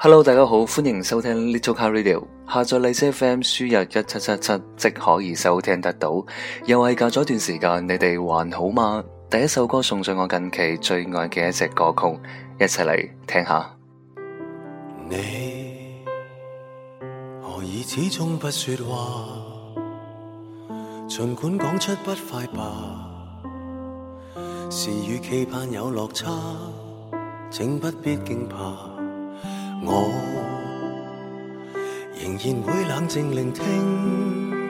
Hello，大家好，歡迎收聽 Little Car Radio，下載荔枝 FM 輸入一七七七即可以收聽得到。又係隔咗段時間，你哋還好嗎？第一首歌送上我近期最愛嘅一隻歌曲，一齊嚟聽下。你何以始終不說話？儘管講出不快吧，事與期盼有落差，請不必驚怕。我仍然會冷靜聆聽，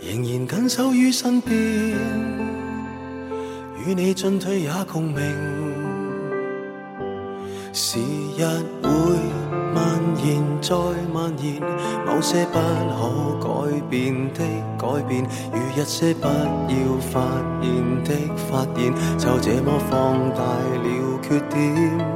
仍然緊守於身邊，與你進退也共鳴。時日會蔓延再蔓延，某些不可改變的改變，與一些不要發現的發現，就這麼放大了缺點。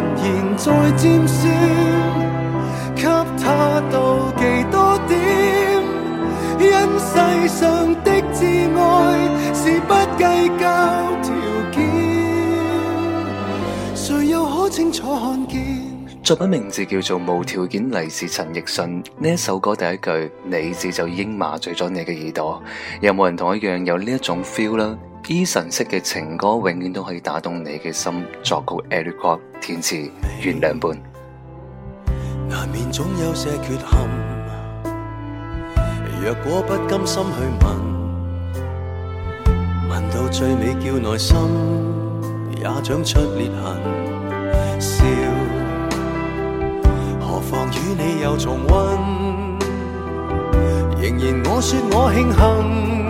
仍然在尖酸，給他妒忌多點。因世上的至愛是不計較條件，誰又可清楚看見？作品名字叫做《無條件》，嚟自陳奕迅呢一首歌。第一句，你字就已經麻醉咗你嘅耳朵。有冇人同我一樣有呢一種 feel 呢？E 神式嘅情歌永遠都可以打動你嘅心，作曲 Eric 填詞原亮本。難免總有些缺憾。若果不甘心去問，問到最尾叫內心也長出裂痕。笑，何妨與你又重温？仍然我說我慶幸。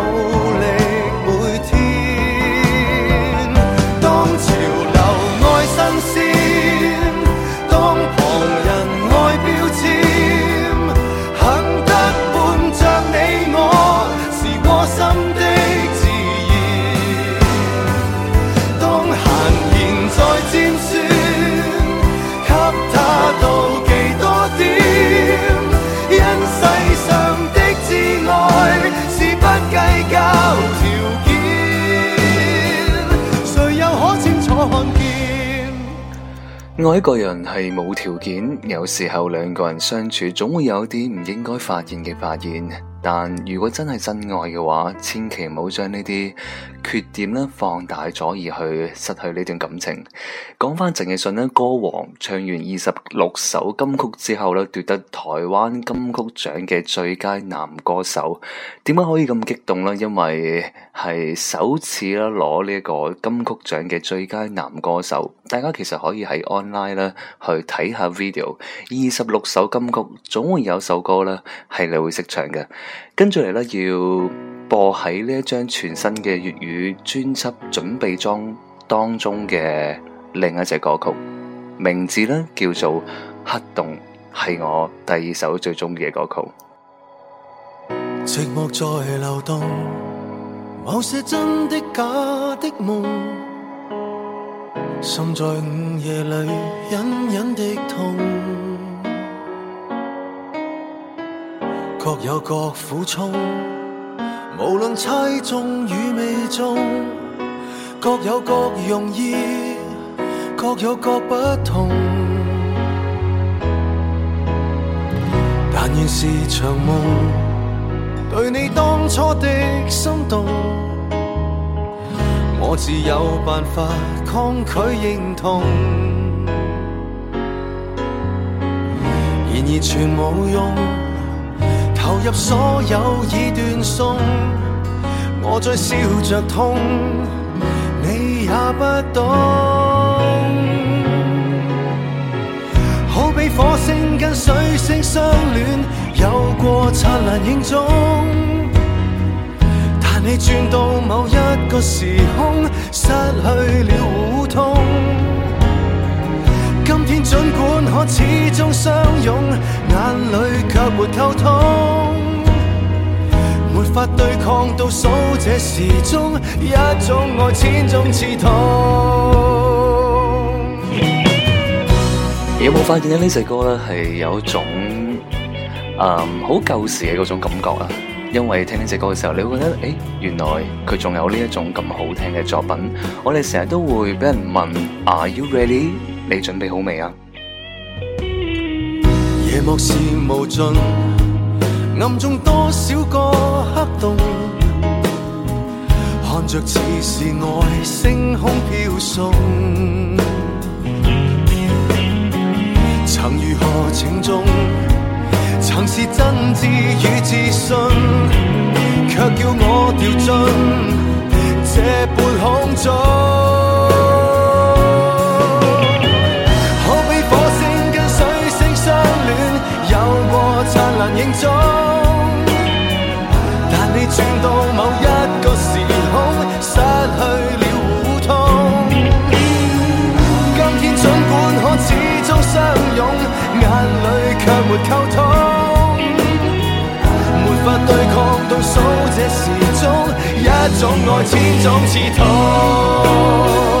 愛一個人係冇條件，有時候兩個人相處總會有一啲唔應該發現嘅發現。但如果真係真愛嘅話，千祈唔好將呢啲。缺點咧放大咗，而去失去呢段感情。講翻陳奕迅呢歌王唱完二十六首金曲之後咧，奪得台灣金曲獎嘅最佳男歌手，點解可以咁激動呢？因為係首次啦，攞呢一個金曲獎嘅最佳男歌手。大家其實可以喺 online 咧去睇下 video，二十六首金曲，總會有首歌咧係你會識唱嘅。跟住嚟咧要。播喺呢一張全新嘅粵語專輯準備中當中嘅另一隻歌曲，名字呢叫做《黑洞》，係我第二首最中意嘅歌曲。寂寞在流動，某些真的假的夢，心在午夜裏隱隱的痛，各有各苦衷。無論猜中與未中，各有各用意，各有各不同。但願是場夢，對你當初的心動，我自有辦法抗拒認同，然而全無用。投入所有已斷送，我再笑着痛，你也不懂。好比火星跟水星相戀，有過燦爛影蹤，但你轉到某一個時空，失去了互通。今天儘管可始終相擁。沒法對抗倒數這時鐘，一種愛千種刺痛。有冇發現咧呢隻歌咧係有一種誒好舊時嘅嗰種感覺啊？因為聽呢隻歌嘅時候，你會覺得誒原來佢仲有呢一種咁好聽嘅作品。我哋成日都會俾人問 Are you ready？你準備好未啊？寂寞是無盡，暗中多少個黑洞，看着似是外星空飄送。曾如何鄭重，曾是真摯與自信，卻叫我掉進這半空中。命中，但你轉到某一個時空，失去了互通。今天儘管可始終相擁，眼裡卻沒溝通，沒法對抗倒數這時鐘，一種愛千種刺痛。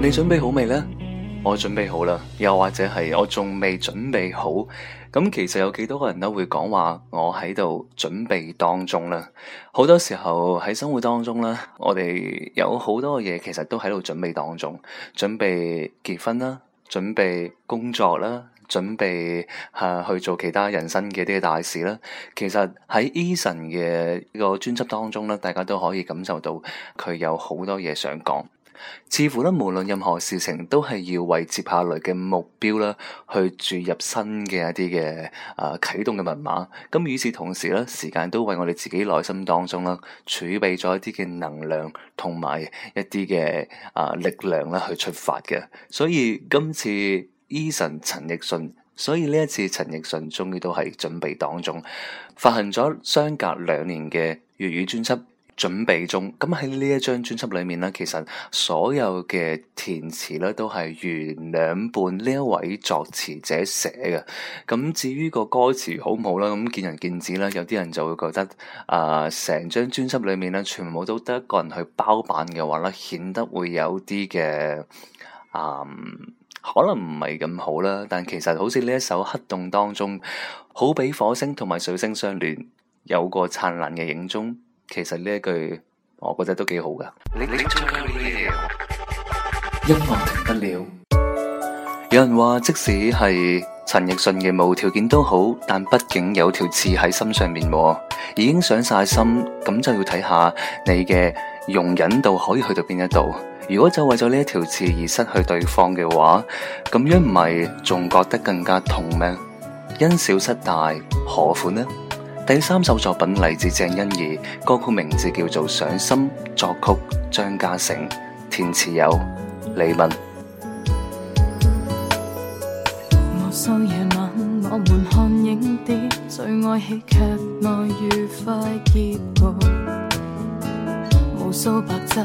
你準備好未呢？我準備好啦，又或者係我仲未準備好。咁其實有幾多個人都會講話我喺度準備當中啦。好多時候喺生活當中呢，我哋有好多嘅嘢其實都喺度準備當中，準備結婚啦，準備工作啦。準備嚇去做其他人生嘅啲大事啦。其實喺 Eason 嘅呢個專輯當中咧，大家都可以感受到佢有好多嘢想講。似乎咧，無論任何事情都係要為接下來嘅目標啦，去注入新嘅一啲嘅啊啟動嘅密碼。咁與此同時咧，時間都為我哋自己內心當中啦儲備咗一啲嘅能量同埋一啲嘅啊力量咧去出發嘅。所以今次。Eason 陳奕迅，所以呢一次陳奕迅終於都係準備當中，發行咗相隔兩年嘅粵語專輯《準備中》。咁喺呢一張專輯裏面呢，其實所有嘅填詞咧都係原兩半呢一位作詞者寫嘅。咁至於個歌詞好唔好啦？咁見仁見智啦。有啲人就會覺得啊，成、呃、張專輯裏面咧，全部都得一個人去包辦嘅話呢，顯得會有啲嘅啊。呃可能唔係咁好啦，但其實好似呢一首黑洞當中，好比火星同埋水星相連，有個燦爛嘅影蹤，其實呢一句我覺得都幾好噶。音樂停不了，有人話即使係陳奕迅嘅無條件都好，但畢竟有條刺喺心上面，哦，已經上晒心，咁就要睇下你嘅容忍度可以去到邊一度。如果就為咗呢一條刺而失去對方嘅話，咁樣唔係仲覺得更加痛咩？因小失大，何苦呢？第三首作品嚟自鄭欣宜，歌曲名字叫做《上心》，作曲張家誠，填詞有李敏。無數夜晚，我們看影碟，最愛喜劇內愉快結局。無數白晝。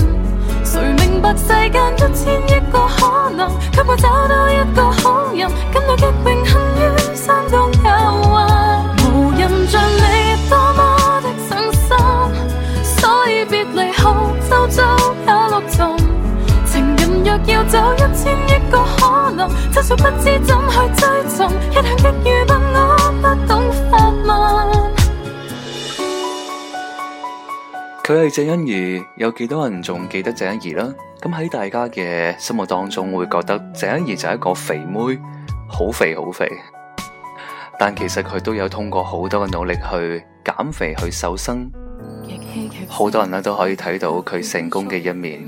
世間一千億個可能，卻我找到一個好人，感到極榮幸於山東有愛。 無人像你多麼的上心，所以別離後周遭也落寞。情人若要走一千億個可能，真相不知怎去追尋，一向一佢係鄭欣宜，有幾多人仲記得鄭欣宜啦？咁喺大家嘅心目當中，會覺得鄭欣宜就係一個肥妹，好肥好肥。但其實佢都有通過好多嘅努力去減肥去、去瘦身，好多人呢，都可以睇到佢成功嘅一面。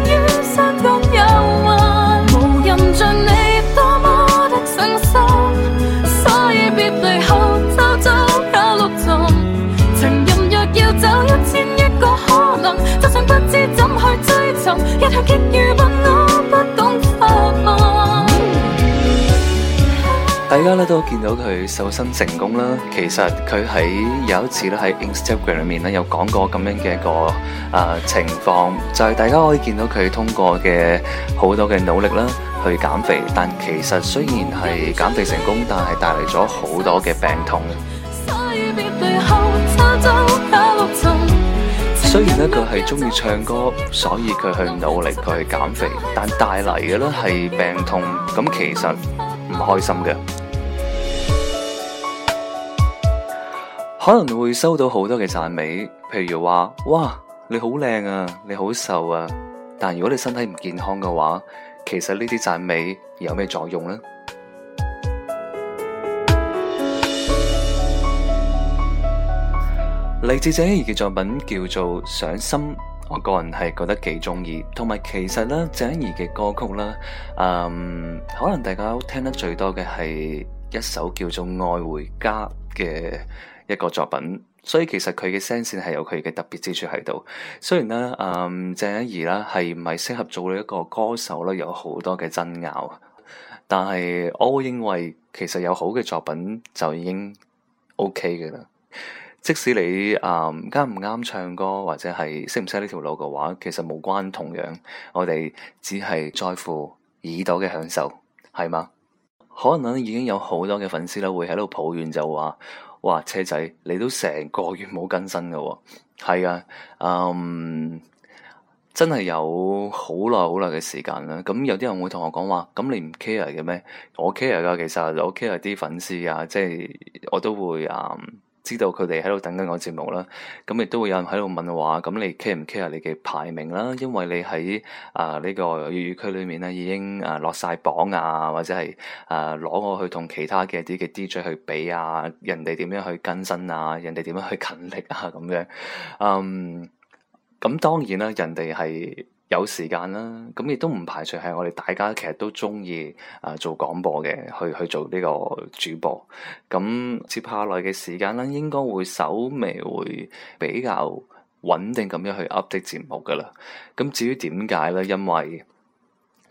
大家咧都見到佢瘦身成功啦。其實佢喺有一次咧喺 Instagram 裏面咧有講過咁樣嘅一個啊、呃、情況，就係、是、大家可以見到佢通過嘅好多嘅努力啦去減肥，但其實雖然係減肥成功，但係帶嚟咗好多嘅病痛。雖然咧佢係鍾意唱歌，所以佢去努力去減肥，但帶嚟嘅咧係病痛，咁其實唔開心嘅。可能會收到好多嘅讚美，譬如話哇你好靚啊，你好瘦啊。但如果你身體唔健康嘅話，其實呢啲讚美有咩作用呢？嚟 自鄭欣宜嘅作品叫做《上心》，我個人係覺得幾中意。同埋其實呢，鄭欣宜嘅歌曲啦，嗯，可能大家聽得最多嘅係一首叫做《愛回家》嘅。一個作品，所以其實佢嘅聲線係有佢嘅特別之處喺度。雖然呢，嗯，鄭欣宜啦係唔係適合做一個歌手咧，有好多嘅爭拗，但係我會認為其實有好嘅作品就已經 OK 嘅啦。即使你誒啱唔啱唱歌或者係識唔識呢條路嘅話，其實無關。同樣，我哋只係在乎耳朵嘅享受，係嘛？可能已經有好多嘅粉絲咧會喺度抱怨就，就話。哇，車仔，你都成個月冇更新㗎喎。哦，係啊。嗯，真係有好耐好耐嘅時間啦。咁，嗯、有啲人會同我講話，咁，嗯、你唔 care 嘅咩？我 care 㗎，其實我 care 啲粉絲啊，即係我都會啊。嗯知道佢哋喺度等緊我節目啦，咁亦都會有人喺度問話，咁你 care 唔 care 你嘅排名啦？因為你喺啊呢個粵語區裏面咧已經啊落晒榜啊，或者係啊攞我去同其他嘅啲嘅 DJ 去比啊，人哋點樣去更新啊，人哋點樣去勤力啊咁樣，嗯，咁當然啦，人哋係。有時間啦，咁亦都唔排除係我哋大家其實都中意啊做廣播嘅，去去做呢個主播。咁接下來嘅時間咧，應該會稍微會比較穩定咁樣去 update 節目噶啦。咁至於點解咧？因為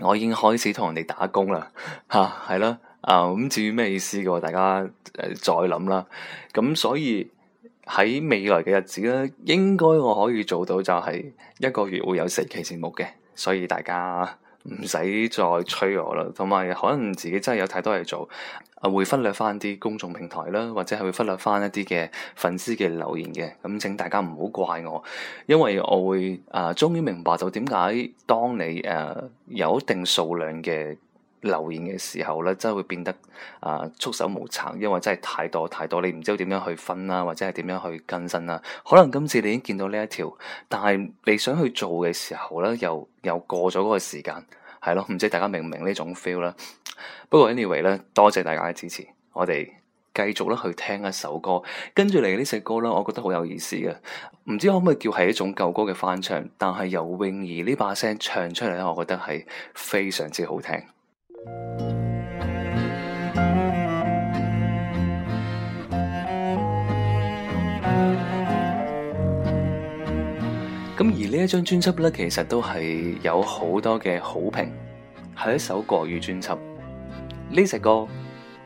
我已經開始同人哋打工啦，吓，係啦，啊咁、啊、至於咩意思嘅喎？大家誒再諗啦。咁所以。喺未來嘅日子咧，應該我可以做到就係一個月會有四期節目嘅，所以大家唔使再催我啦。同埋可能自己真係有太多嘢做，會忽略翻啲公眾平台啦，或者係會忽略翻一啲嘅粉絲嘅留言嘅。咁請大家唔好怪我，因為我會誒、呃，終於明白到點解當你誒、呃、有一定數量嘅。留言嘅時候咧，真係會變得啊、呃、束手無策，因為真係太多太多，你唔知道點樣去分啦，或者係點樣去更新啦。可能今次你已經見到呢一條，但係你想去做嘅時候咧，又又過咗嗰個時間，係咯，唔知大家明唔明呢種 feel 啦？不過 anyway 咧，多謝大家嘅支持，我哋繼續咧去聽一首歌，跟住嚟呢首歌咧，我覺得好有意思嘅。唔知可唔可以叫係一種舊歌嘅翻唱，但係由泳兒呢把聲唱出嚟咧，我覺得係非常之好聽。咁而呢一張專輯呢，其實都係有好多嘅好評。係一首國語專輯，呢隻歌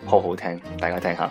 好好聽，大家聽下。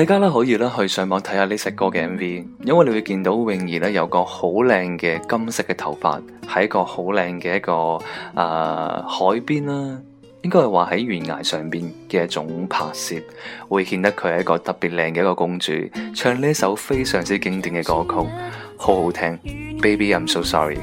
大家咧可以咧去上網睇下呢首歌嘅 MV，因為你會見到泳兒咧有個好靚嘅金色嘅頭髮，喺一個好靚嘅一個誒、呃、海邊啦，應該係話喺懸崖上邊嘅一種拍攝，會見得佢係一個特別靚嘅一個公主，唱呢首非常之經典嘅歌曲，好好聽，Baby I'm so sorry。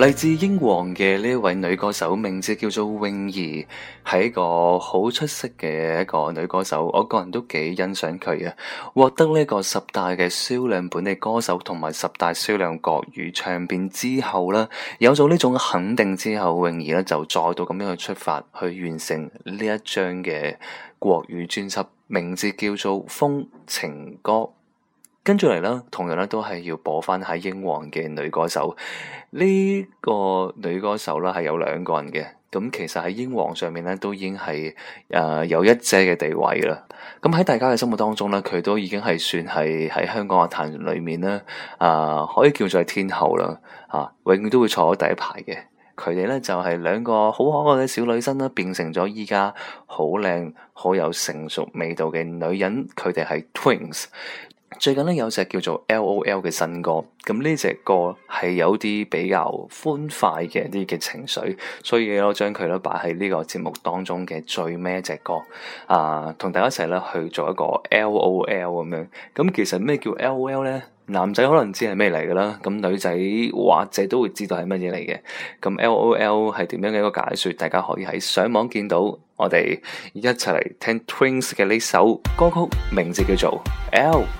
嚟自英皇嘅呢位女歌手，名字叫做泳兒，係一個好出色嘅一個女歌手，我個人都幾欣賞佢嘅。獲得呢個十大嘅銷量本地歌手同埋十大銷量國語唱片之後咧，有咗呢種肯定之後，泳兒咧就再度咁樣去出發，去完成呢一張嘅國語專輯，名字叫做《風情歌》。跟住嚟啦，同樣咧都係要播翻喺英皇嘅女歌手。呢個女歌手啦，係有兩個人嘅，咁其實喺英皇上面咧都已經係誒、呃、有一姐嘅地位啦。咁喺大家嘅心目當中咧，佢都已經係算係喺香港樂壇裏面咧啊、呃，可以叫做係天后啦。啊，永遠都會坐喺第一排嘅。佢哋咧就係兩個好可愛嘅小女生啦，變成咗依家好靚、好有成熟味道嘅女人。佢哋係 twins。最近咧有隻叫做 L.O.L 嘅新歌，咁呢隻歌係有啲比較歡快嘅啲嘅情緒，所以我將佢咧擺喺呢個節目當中嘅最尾一隻歌，啊，同大家一齊咧去做一個 L.O.L 咁樣。咁其實咩叫 L.O.L 呢？男仔可能知係咩嚟噶啦，咁女仔或者都會知道係乜嘢嚟嘅。咁 L.O.L 係點樣嘅一個解說？大家可以喺上網見到，我哋一齊嚟聽 Twins 嘅呢首歌曲，名字叫做 L。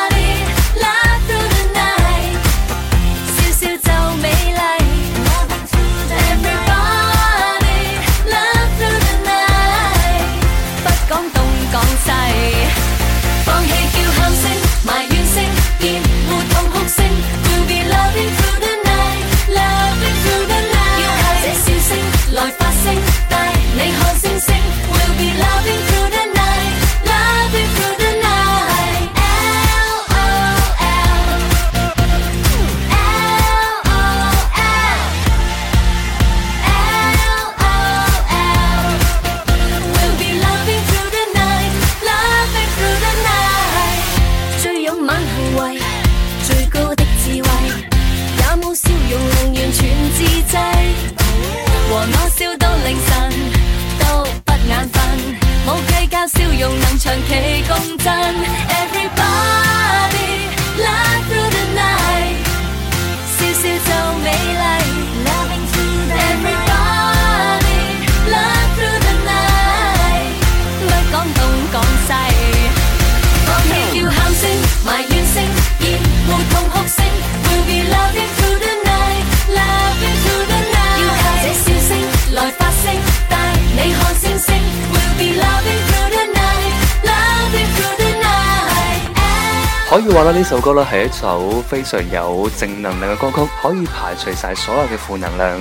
話呢，呢首歌咧係一首非常有正能量嘅歌曲，可以排除晒所有嘅負能量。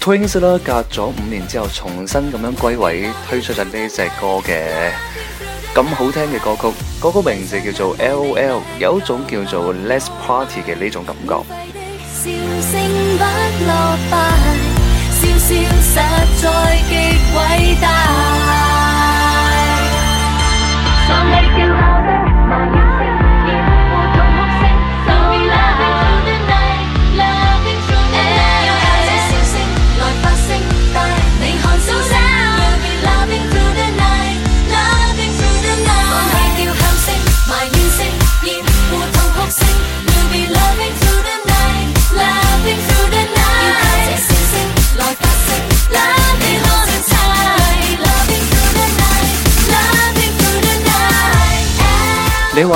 Twins 咧隔咗五年之後，重新咁樣歸位推出咗呢隻歌嘅咁好聽嘅歌曲。歌曲名字叫做 LOL，有一種叫做 Let's Party 嘅呢種感覺。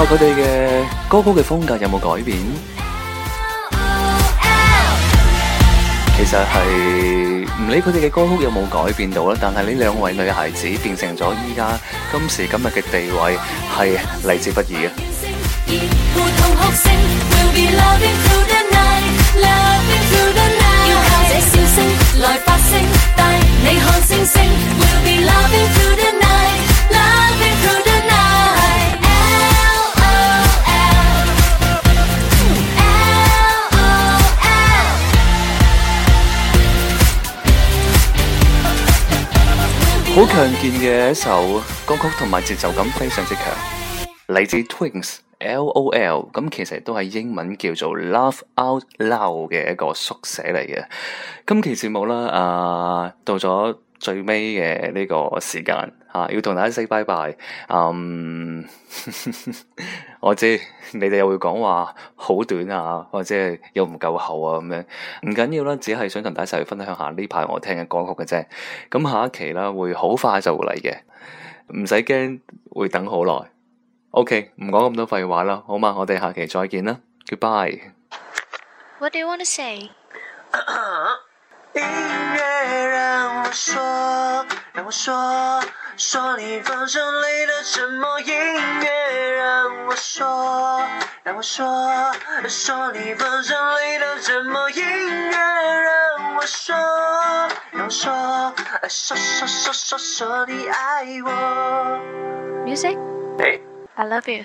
佢哋嘅歌曲嘅風格有冇改變？其實係唔理佢哋嘅歌曲有冇改變到啦，但係呢兩位女孩子變成咗依家今時今日嘅地位，係嚟之不易嘅。強健嘅一首歌曲，同埋節奏感非常之強，嚟自 Twins L O L。咁其實都係英文叫做 Love Out Loud 嘅一個縮寫嚟嘅。今期節目啦，啊，到咗最尾嘅呢個時間。要同大家 say bye bye，嗯，我知你哋又會講話好短啊，或者又唔夠厚啊咁樣，唔緊要啦，只係想同大家一齊分享下呢排我聽嘅歌曲嘅啫。咁下一期啦，會好快就會嚟嘅，唔使驚，會等好耐。OK，唔講咁多廢話啦，好嘛，我哋下期再見啦，goodbye。What do you want to say？音樂，讓我說，讓我說說你放聲裡的沉默音樂，讓我說，讓我說，說你放聲裡的沉默音樂，讓我說，讓我說，說說說說說你愛我。Music。Hey。I love you.